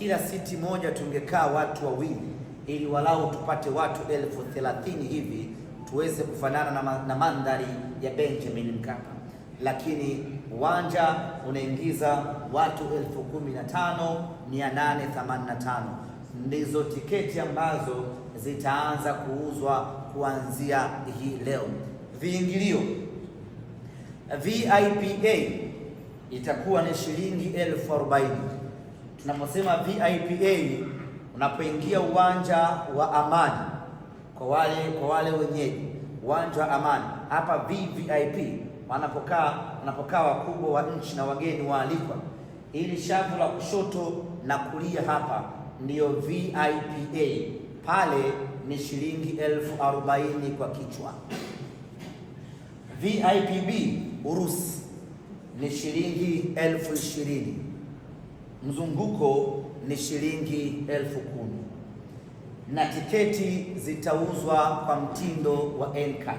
kila siti moja tungekaa watu wawili, ili walau tupate watu elfu thelathini hivi tuweze kufanana na, na mandhari ya Benjamin Mkapa, lakini uwanja unaingiza watu elfu kumi na tano mia nane themanini na tano ndizo tiketi ambazo zitaanza kuuzwa kuanzia hii leo. Viingilio vipa itakuwa ni shilingi elfu arobaini tunaposema VIPA, unapoingia uwanja wa Amani kwa wale kwa wale wenyeji, uwanja wa Amani hapa VVIP, wanapokaa wanapokaa wakubwa wa nchi na wageni waalikwa, ili shavu la kushoto na kulia hapa ndiyo VIPA, pale ni shilingi elfu arobaini kwa kichwa. VIPB Urusi ni shilingi elfu ishirini mzunguko ni shilingi elfu kumi na tiketi zitauzwa kwa mtindo wa enka.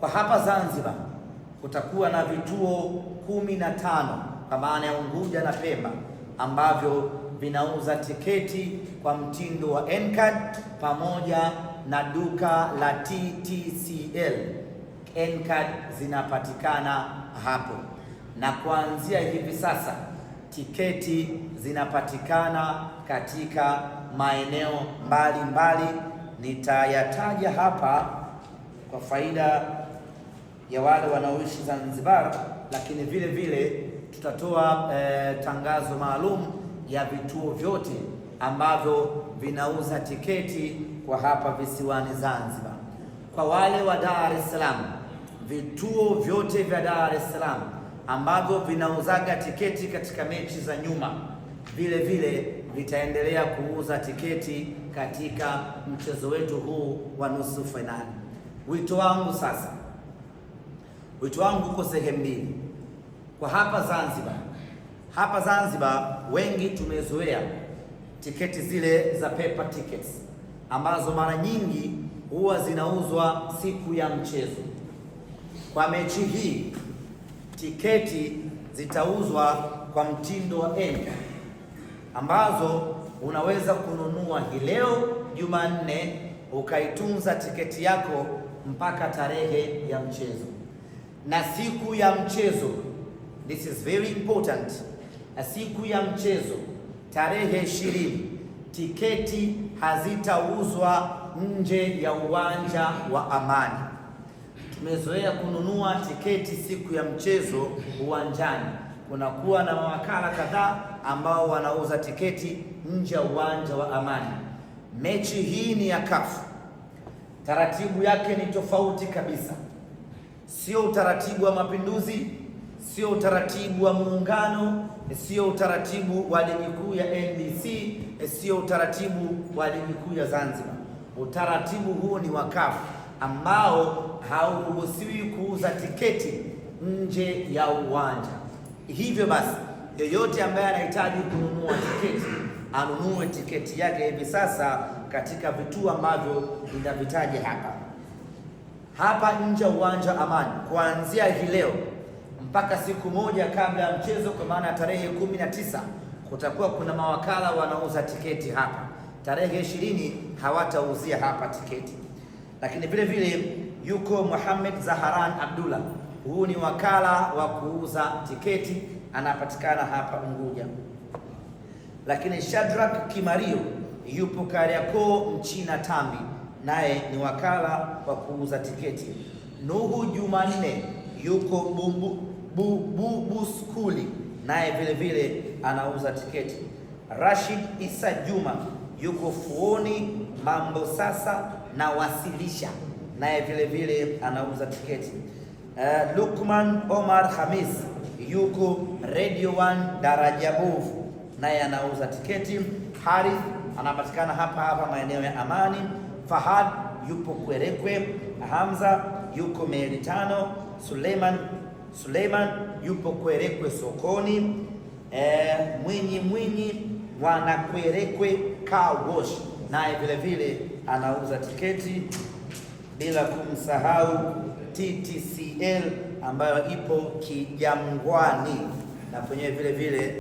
Kwa hapa Zanzibar kutakuwa na vituo kumi na tano kwa maana ya Unguja na Pemba ambavyo vinauza tiketi kwa mtindo wa n pamoja na duka la TTCL. n zinapatikana hapo na kuanzia hivi sasa tiketi zinapatikana katika maeneo mbalimbali mbali. Nitayataja hapa kwa faida ya wale wanaoishi Zanzibar, lakini vile vile tutatoa e, tangazo maalum ya vituo vyote ambavyo vinauza tiketi kwa hapa visiwani Zanzibar. Kwa wale wa Dar es Salaam, vituo vyote vya Dar es Salaam ambavyo vinauzaga tiketi katika mechi za nyuma, vile vile vitaendelea kuuza tiketi katika mchezo wetu huu wa nusu fainali. Wito wangu sasa, wito wangu uko sehemu mbili. Kwa hapa Zanzibar, hapa Zanzibar wengi tumezoea tiketi zile za paper tickets ambazo mara nyingi huwa zinauzwa siku ya mchezo. Kwa mechi hii tiketi zitauzwa kwa mtindo wa enda, ambazo unaweza kununua hii leo Jumanne ukaitunza tiketi yako mpaka tarehe ya mchezo na siku ya mchezo. This is very important. Na siku ya mchezo tarehe ishirini, tiketi hazitauzwa nje ya uwanja wa Amani. Tumezoea kununua tiketi siku ya mchezo uwanjani, kunakuwa na mawakala kadhaa ambao wanauza tiketi nje ya uwanja wa Amani. Mechi hii ni ya CAF, taratibu yake ni tofauti kabisa, sio utaratibu wa Mapinduzi, sio utaratibu wa Muungano, sio utaratibu wa ligi kuu ya NBC, sio utaratibu wa ligi kuu ya Zanzibar. Utaratibu huu ni wa CAF ambao hauruhusiwi kuuza tiketi nje ya uwanja. Hivyo basi, yeyote ambaye anahitaji kununua tiketi anunue tiketi yake hivi sasa katika vituo ambavyo ninavitaja hapa hapa nje ya uwanja Amani, kuanzia hii leo mpaka siku moja kabla ya mchezo, kwa maana tarehe kumi na tisa kutakuwa kuna mawakala wanauza tiketi hapa. Tarehe ishirini hawatauzia hapa tiketi. Lakini vile vile yuko Mohamed Zaharan Abdullah, huu ni wakala wa kuuza tiketi, anapatikana hapa Unguja. Lakini Shadrack Kimario yupo Kariakoo Mchina Tambi, naye ni wakala wa kuuza tiketi. Nuhu Jumanne yuko Bubu, bu Buskuli naye vile vile anauza tiketi. Rashid Isa Juma yuko Fuoni Mambo Sasa na wasilisha, naye vile vile anauza tiketi. Uh, Lukman Omar Hamis yuko Radio 1 daraja bovu, naye anauza tiketi. Hari anapatikana hapa hapa maeneo ya Amani. Fahad yupo Kwerekwe. Hamza yuko meli tano. Suleiman Suleiman yupo Kwerekwe sokoni. Eh, Mwinyi Mwinyi wana Kwerekwe car wash naye vile vile anauza tiketi, bila kumsahau TTCL ambayo ipo Kijangwani na kwenyewe vile vile